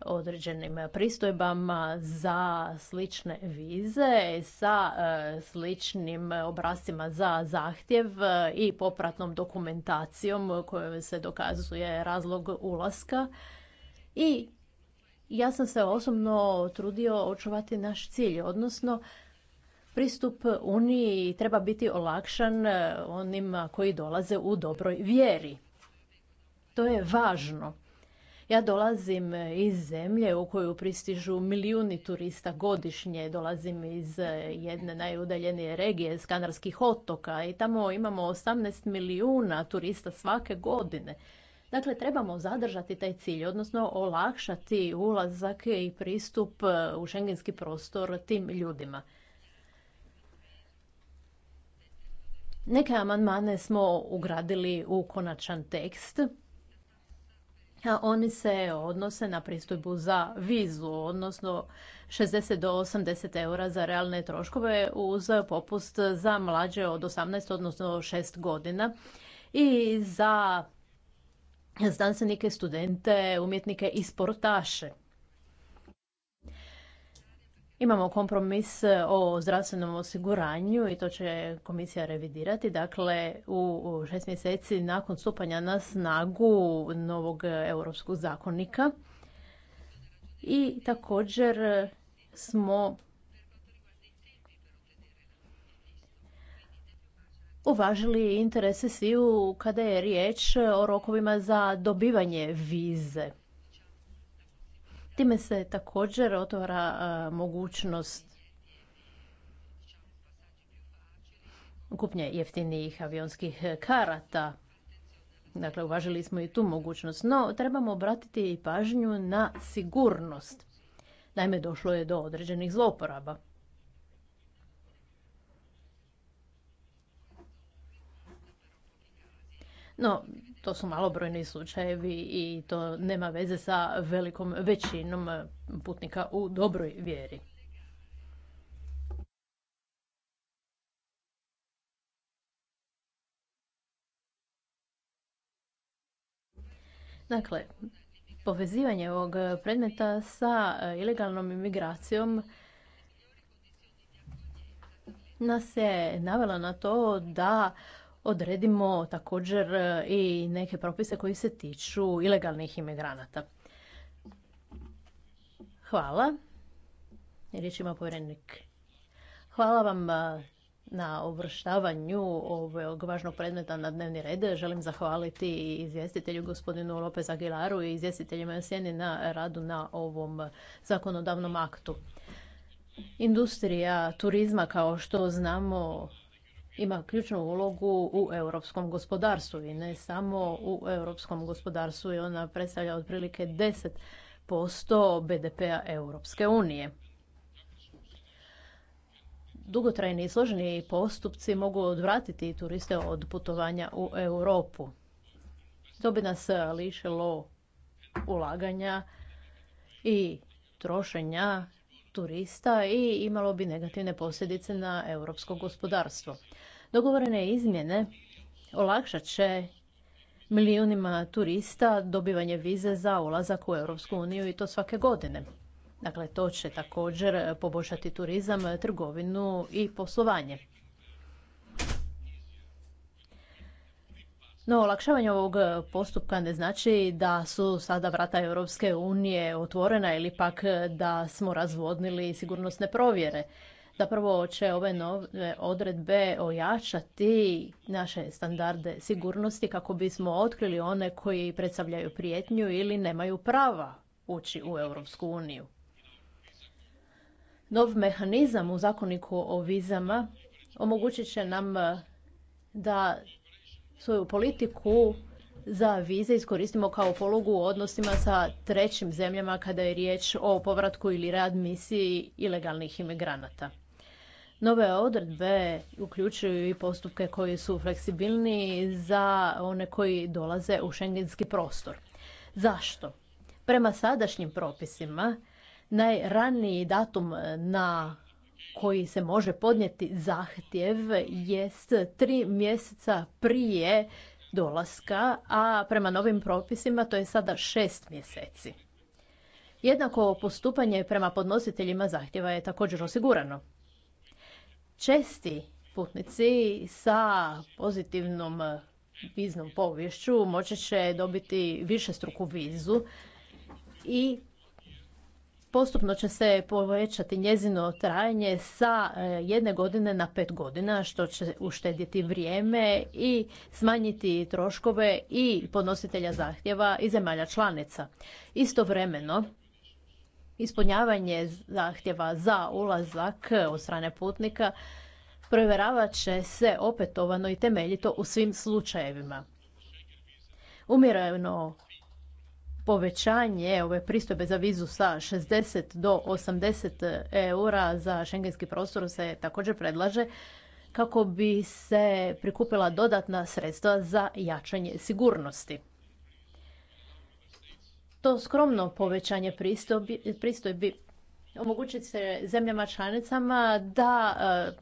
B: određenim pristojbama za slične vize, sa e, sličnim obrascima za zahtjev e, i popratnom dokumentacijom kojom se dokazuje razlog ulaska i ja sam se osobno trudio očuvati naš cilj, odnosno pristup Uniji treba biti olakšan e, onima koji dolaze u dobroj vjeri. To je važno. Ja dolazim iz zemlje u koju pristižu milijuni turista godišnje. Dolazim iz e, jedne najudaljenije regije, Skanarskih otoka i tamo imamo 18 milijuna turista svake godine. Dakle, trebamo zadržati taj cilj, odnosno olakšati ulazak i pristup e, u šengenski prostor tim ljudima. Neke amandmane smo ugradili u konačan tekst. A oni se odnose na pristojbu za vizu, odnosno 60 do 80 eura za realne troškove uz popust za mlađe od 18, odnosno 6 godina i za znanstvenike, studente, umjetnike i sportaše. Imamo kompromis o zdravstvenom osiguranju i to će komisija revidirati. Dakle, u šest mjeseci nakon stupanja na snagu novog europskog zakonika. I također smo uvažili interese sviju kada je riječ o rokovima za dobivanje vize. Time se također otvara mogućnost kupnje jeftinijih avionskih karata. Dakle, uvažili smo i tu mogućnost. No, trebamo obratiti i pažnju na sigurnost. Naime, došlo je do određenih zloporaba. No, to su malobrojni slučajevi i to nema veze sa velikom većinom eh, putnika u dobroj vjeri. Dakle, povezivanje ovog predmeta sa eh, ilegalnom imigracijom nas je navela na to da odredimo također e, i neke propise koji se tiču ilegalnih imigranata. Hvala. Riječ ima povjerenik. Hvala vam e, na uvrštavanju ovog važnog predmeta na dnevni red. Želim zahvaliti i izvjestitelju gospodinu Lopez Aguilaru i izvjestiteljima Sjeni na radu na ovom zakonodavnom aktu. Industrija turizma, kao što znamo, ima ključnu ulogu u europskom gospodarstvu i ne samo u europskom gospodarstvu i ona predstavlja otprilike 10% BDP-a Europske unije. Dugotrajni i složeni postupci mogu odvratiti turiste od putovanja u Europu. To bi nas lišilo ulaganja i trošenja turista i imalo bi negativne posljedice na europsko gospodarstvo. Dogovorene izmjene olakšat će milijunima turista dobivanje vize za ulazak u Europsku uniju i to svake godine. Dakle, to će također poboljšati turizam, trgovinu i poslovanje. No, olakšavanje ovog e, postupka ne znači da su sada vrata Europske unije otvorena ili pak e, da smo razvodnili sigurnosne provjere. Zapravo će ove nove odredbe ojačati naše standarde sigurnosti kako bismo otkrili one koji predstavljaju prijetnju ili nemaju prava ući u Europsku uniju. Nov mehanizam u zakoniku o vizama omogućit će nam e, da svoju politiku za vize iskoristimo kao polugu u odnosima sa trećim zemljama kada je riječ o povratku ili rad misiji ilegalnih imigranata. Nove odredbe uključuju i postupke koji su fleksibilniji za one koji dolaze u šengenski prostor. Zašto? Prema sadašnjim propisima, najraniji datum na koji se može podnijeti zahtjev jest tri mjeseca prije dolaska, a prema novim propisima to je sada šest mjeseci. Jednako postupanje prema podnositeljima zahtjeva je također osigurano. Česti putnici sa pozitivnom viznom povješću moći će dobiti višestruku vizu i Postupno će se povećati njezino trajanje sa e, jedne godine na pet godina, što će uštedjeti vrijeme i smanjiti troškove i podnositelja zahtjeva i zemalja članica. Istovremeno, ispunjavanje zahtjeva za ulazak od strane putnika provjeravat će se opetovano i temeljito u svim slučajevima. Umjereno povećanje ove pristojbe za vizu sa 60 do 80 eura za šengenski prostor se također predlaže kako bi se prikupila dodatna sredstva za jačanje sigurnosti. To skromno povećanje pristojbi omogućit se zemljama članicama da e,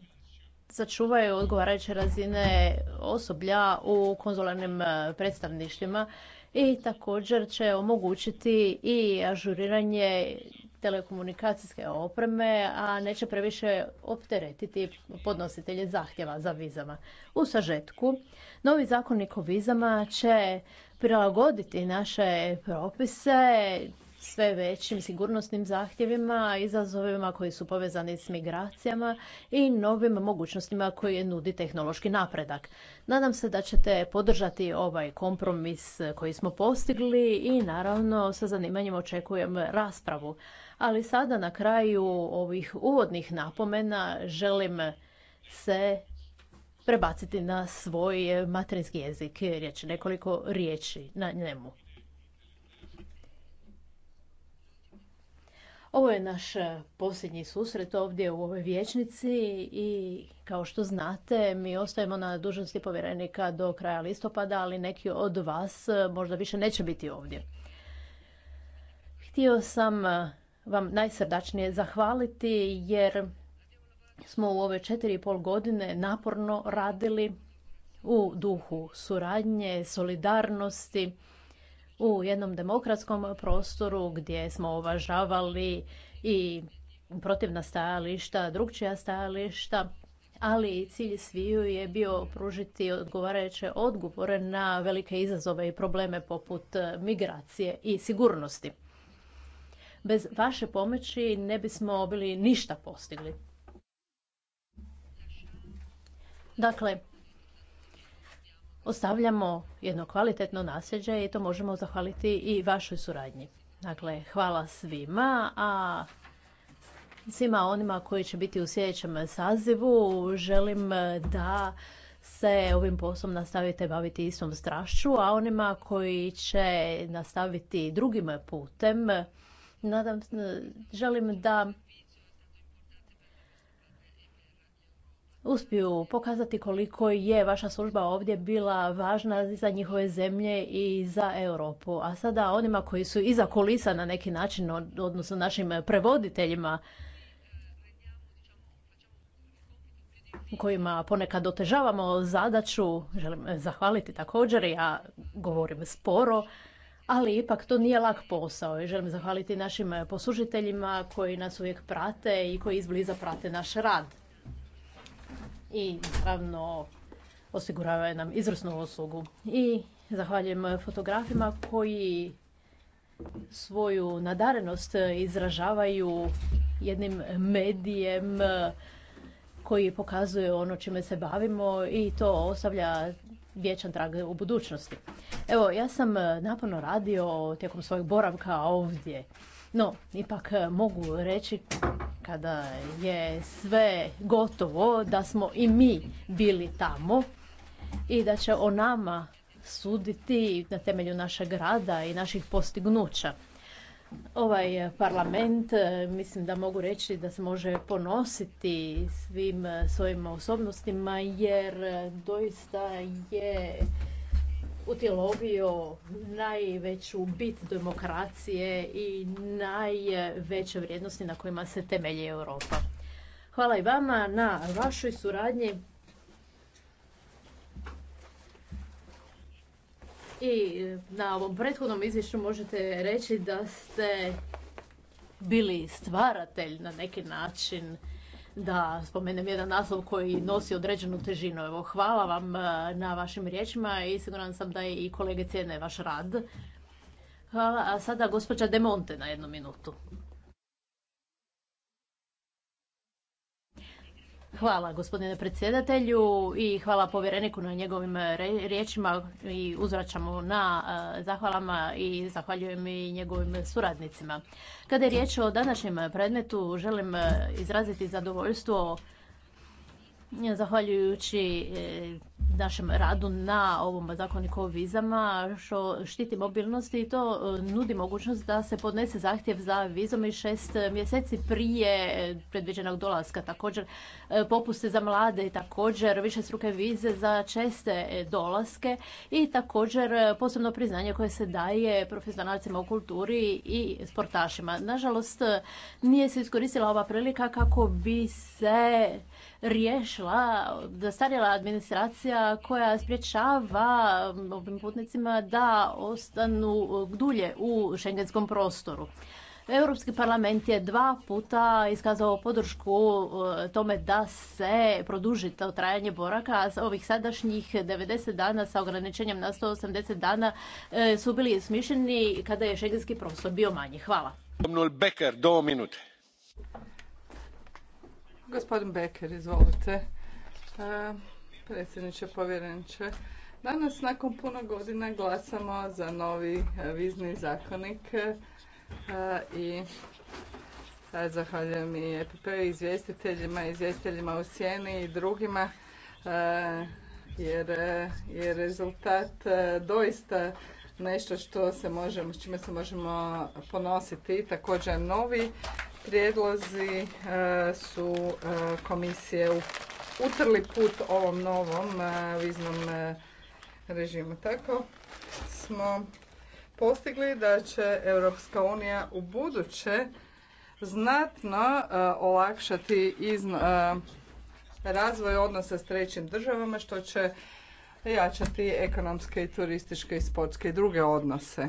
B: sačuvaju odgovarajuće razine osoblja u konzularnim e, predstavništvima i također će omogućiti i ažuriranje telekomunikacijske opreme, a neće previše opteretiti podnositelje zahtjeva za vizama. U sažetku, novi zakonnik o vizama će prilagoditi naše propise sve većim sigurnosnim zahtjevima, izazovima koji su povezani s migracijama i novim mogućnostima koje nudi tehnološki napredak. Nadam se da ćete podržati ovaj kompromis koji smo postigli i naravno sa zanimanjem očekujem raspravu. Ali sada na kraju ovih uvodnih napomena želim se prebaciti na svoj materinski jezik, riječ nekoliko riječi na njemu. Ovo je naš e, posljednji susret ovdje u ovoj vječnici i kao što znate mi ostajemo na dužnosti povjerenika do kraja listopada, ali neki od vas e, možda više neće biti ovdje. Htio sam e, vam najsrdačnije zahvaliti jer smo u ove četiri i pol godine naporno radili u duhu suradnje, solidarnosti, u jednom demokratskom prostoru gdje smo uvažavali i protivna stajališta, drugčija stajališta, ali cilj sviju je bio pružiti odgovarajuće odgovore na velike izazove i probleme poput migracije i sigurnosti. Bez vaše pomoći ne bismo bili ništa postigli. Dakle, ostavljamo jedno kvalitetno nasljeđe i to možemo zahvaliti i vašoj suradnji. Dakle, hvala svima, a svima onima koji će biti u sljedećem sazivu želim da se ovim poslom nastavite baviti istom strašću, a onima koji će nastaviti drugim putem, nadam, želim da uspiju pokazati koliko je vaša služba ovdje bila važna za njihove zemlje i za Europu. A sada onima koji su iza kulisa na neki način, odnosno našim prevoditeljima, kojima ponekad otežavamo zadaću, želim zahvaliti također, ja govorim sporo, ali ipak to nije lak posao i želim zahvaliti našim poslužiteljima koji nas uvijek prate i koji izbliza prate naš rad i naravno osiguravaju nam izvrsnu uslugu. I zahvaljujem fotografima koji svoju nadarenost izražavaju jednim medijem koji pokazuje ono čime se bavimo i to ostavlja vječan trag u budućnosti. Evo, ja sam naporno radio tijekom svojeg boravka ovdje, no ipak mogu reći kada je sve gotovo, da smo i mi bili tamo i da će o nama suditi na temelju našeg rada i naših postignuća. Ovaj parlament, e, mislim da mogu reći da se može ponositi svim svojim osobnostima jer doista je utjelovio najveću bit demokracije i najveće vrijednosti na kojima se temelji Europa. Hvala i vama na vašoj suradnji. I na ovom prethodnom izvješću možete reći da ste bili stvaratelj na neki način da spomenem jedan naslov koji nosi određenu težinu. Evo, hvala vam e, na vašim riječima i siguran sam da i kolege cijene vaš rad. Hvala. A sada gospođa Demonte na jednu minutu. Hvala gospodine predsjedatelju i hvala povjereniku na njegovim riječima i uzvraćamo na e, zahvalama i zahvaljujem i njegovim suradnicima. Kada je riječ o današnjem predmetu, želim e, izraziti zadovoljstvo zahvaljujući e, našem radu na ovom zakoniku o vizama što štiti mobilnost i to e, nudi mogućnost da se podnese zahtjev za vizom i šest mjeseci prije predviđenog dolaska. Također e, popuste za mlade i također više struke vize za česte e, dolaske i također posebno priznanje koje se daje profesionalcima u kulturi i sportašima. Nažalost, nije se iskoristila ova prilika kako bi se riješila zastarjela administracija koja sprječava ovim putnicima da ostanu dulje u šengenskom prostoru. Europski parlament je dva puta iskazao podršku e, tome da se produži to trajanje boraka, a ovih sadašnjih 90 dana sa ograničenjem na 180 dana e, su bili smišljeni kada je šengenski prostor bio manji. Hvala. Becker, Gospodin Becker, izvolite. E, predsjedniče
G: povjereniče. Danas nakon puno godina glasamo za novi e, vizni zakonik e, i e, zahvaljujem i EPP izvjestiteljima, izvjestiteljima u sjeni i drugima jer je rezultat doista nešto što se možemo, s čime se možemo ponositi. Također novi prijedlozi su komisije u utrli put ovom novom e, viznom e, režimu. Tako smo postigli da će Europska unija u buduće znatno e, olakšati razvoj odnosa s trećim državama što će jačati ekonomske i turističke i sportske i druge odnose.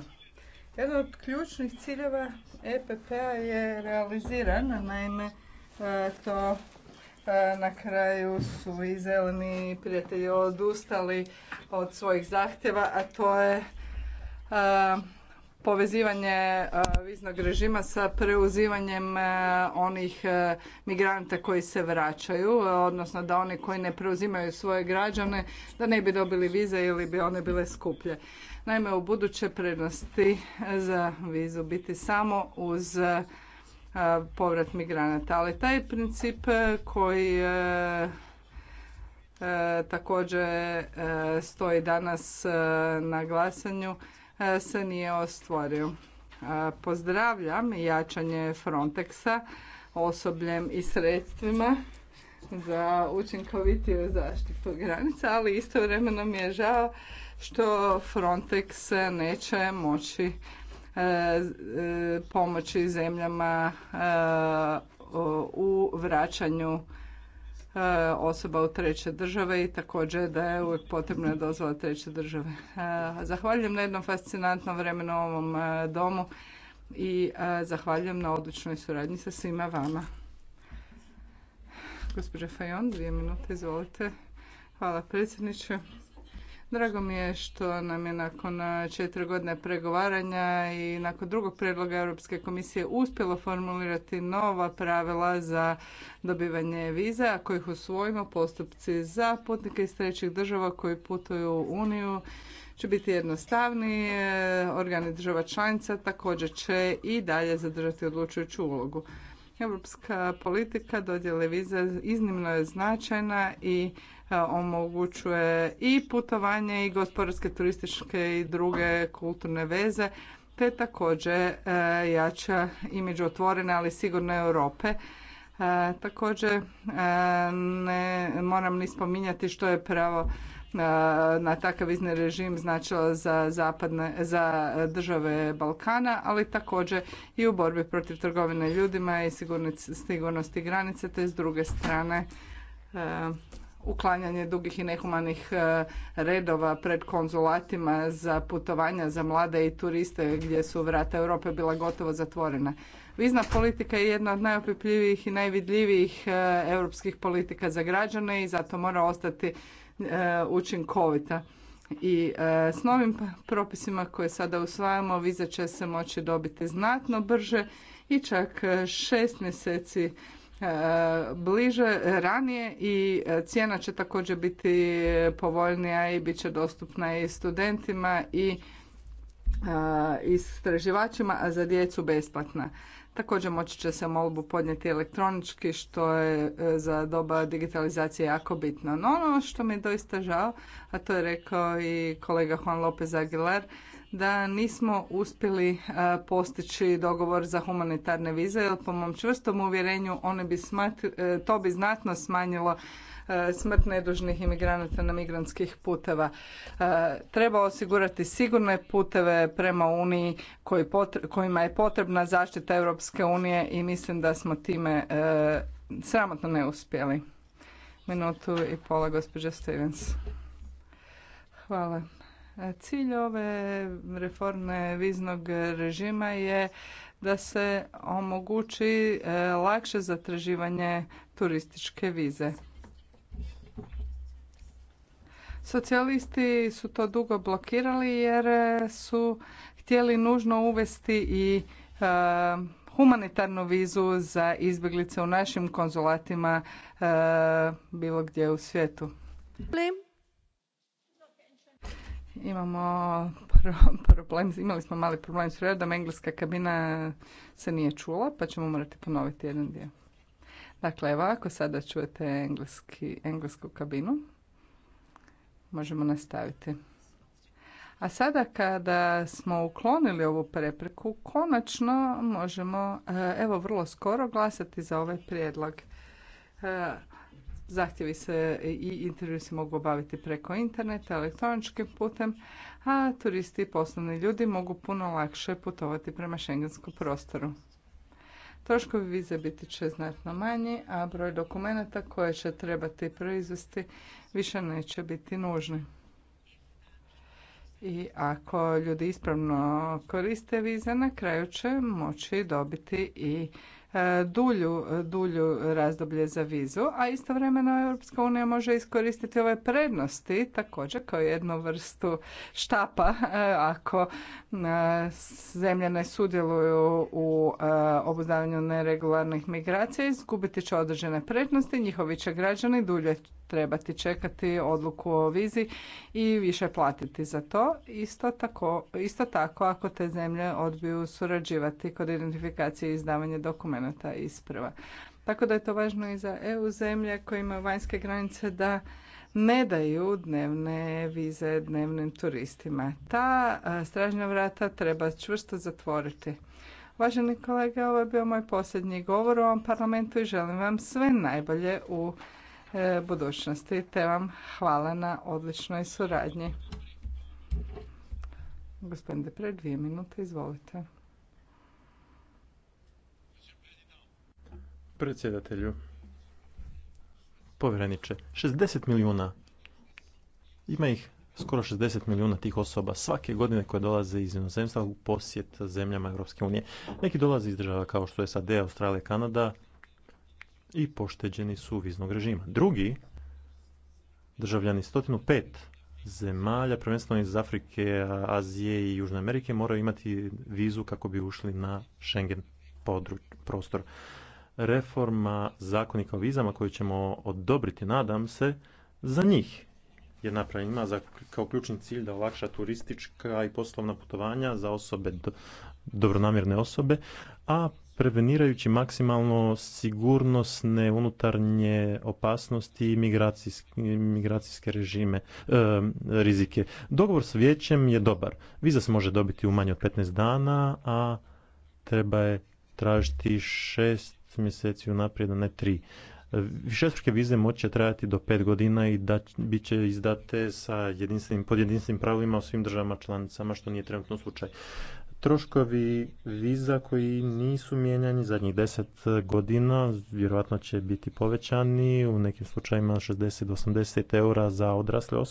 G: Jedan od ključnih ciljeva EPP-a je realiziran, naime to na kraju su i zeleni prijatelji odustali od svojih zahtjeva, a to je povezivanje viznog režima sa preuzivanjem onih migranta koji se vraćaju, odnosno da oni koji ne preuzimaju svoje građane, da ne bi dobili vize ili bi one bile skuplje. Naime, u buduće prednosti za vizu biti samo uz povrat migranata. Ali taj princip e, koji e, e, također stoji danas na glasanju se nije ostvorio. Pozdravljam jačanje Frontexa osobljem i sredstvima za učinkovitiju zaštitu granica, ali istovremeno mi je žao što Frontex neće moći E, pomoći zemljama e, u vraćanju e, osoba u treće države i također da je uvijek potrebna dozvola treće države. Zahvaljujem na jednom fascinantnom vremenu u ovom domu i zahvaljujem na odličnoj suradnji sa svima vama. Gospođa Fajon, dvije minute, izvolite. Hvala predsjedniče. Drago mi je što nam je nakon četiri godine pregovaranja i nakon drugog predloga Europske komisije uspjelo formulirati nova pravila za dobivanje viza, a kojih usvojimo postupci za putnike iz trećih država koji putuju u Uniju će biti jednostavniji, e, organi država članica također će i dalje zadržati odlučujuću ulogu. Europska politika dodjele viza iznimno je značajna i e, omogućuje i putovanje i gospodarske, turističke i druge kulturne veze, te također e, jača imidž otvorene, ali sigurne Europe. E, također ne moram ni spominjati što je pravo na takav vizni režim značila za, zapadne, za države Balkana, ali također i u borbi protiv trgovine ljudima i sigurnosti granice, te s druge strane e, uklanjanje dugih i nehumanih e, redova pred konzulatima za putovanja za mlade i turiste gdje su vrata Europe bila gotovo zatvorena. Vizna politika je jedna od najopipljivijih i najvidljivijih e, europskih politika za građane i zato mora ostati E, učinkovita. I e, s novim propisima koje sada usvajamo viza će se moći dobiti znatno brže i čak e, šest mjeseci bliže, ranije i cijena će također biti povoljnija i bit će dostupna i studentima i istraživačima, a za djecu besplatna. Također moći će se molbu podnijeti elektronički što je e, za doba digitalizacije jako bitno. No ono što mi je doista žao, a to je rekao i kolega Juan Lopez Aguilar, da nismo uspjeli e, postići dogovor za humanitarne vize, jer po mom čvrstom uvjerenju one bi e, to bi znatno smanjilo E, smrt nedužnih imigranata na migrantskih puteva. E, treba osigurati sigurne puteve prema Uniji kojima je potrebna zaštita Europske unije i mislim da smo time e, sramotno ne uspjeli. Minutu i pola, gospođa Stevens. Hvala. Cilj ove reforme viznog režima je da se omogući lakše zatraživanje turističke vize. Socijalisti su to dugo blokirali jer e, su htjeli nužno uvesti i e, humanitarnu vizu za izbjeglice u našim konzulatima e, bilo gdje u svijetu. Imamo problem, imali smo mali problem s redom. engleska kabina se nije čula, pa ćemo morati ponoviti jedan dio. Dakle, evo, ako sada čujete engleski, englesku kabinu. Možemo nastaviti. A sada kada smo uklonili ovu prepreku, konačno možemo, e, evo vrlo skoro, glasati za ovaj prijedlog. E, zahtjevi se i intervju mogu obaviti preko interneta, elektroničkim putem, a turisti i poslovni ljudi mogu puno lakše putovati prema šengenskom prostoru troškovi vize biti će znatno manji, a broj dokumenata koje će trebati proizvesti više neće biti nužni. I ako ljudi ispravno koriste vize, na kraju će moći dobiti i E, dulju, dulju razdoblje za vizu, a istovremeno Europska unija može iskoristiti ove prednosti također kao jednu vrstu štapa e, ako e, zemlje ne sudjeluju u obuzdavanju neregularnih migracija, izgubiti će određene prednosti, njihovi će građani dulje trebati čekati odluku o vizi i više platiti za to. Isto tako, isto tako ako te zemlje odbiju surađivati kod identifikacije i izdavanja dokumenata isprva. Tako da je to važno i za EU zemlje koje imaju vanjske granice da ne daju dnevne vize dnevnim turistima. Ta stražnja vrata treba čvrsto zatvoriti. Važeni kolega, ovo je bio moj posljednji govor u ovom parlamentu i želim vam sve najbolje u E, budućnosti te vam hvala na odličnoj suradnji. Gospodin Depre, dvije minute, izvolite.
F: Predsjedatelju, povjereniče, 60 milijuna, ima ih skoro 60 milijuna tih osoba svake godine koje dolaze iz inozemstva u posjet zemljama Europske unije. Neki dolaze iz država kao što je SAD, Australija, Kanada, i pošteđeni su viznog režima. Drugi državljani 105 zemalja, prvenstveno iz Afrike, Azije i Južne Amerike, moraju imati vizu kako bi ušli na Schengen prostor. Reforma zakonika o vizama koju ćemo odobriti, nadam se, za njih je napravljena kao ključni cilj da olakša turistička i poslovna putovanja za osobe, dobronamirne osobe, a prevenirajući maksimalno sigurnosne unutarnje opasnosti i migracijske, režime, e, rizike. Dogovor s vijećem je dobar. Viza se može dobiti u manje od 15 dana, a treba je tražiti šest mjeseci unaprijed, a ne tri. Višestruke vize moći trajati do pet godina i da, bit će izdate sa jedinstvenim, pod jedinstvenim pravilima u svim državama članicama, što nije trenutno slučaj. Troškovi viza koji nisu mijenjani zadnjih deset godina vjerojatno će biti povećani u nekim slučajevima 60 80 eura za odrasle osobe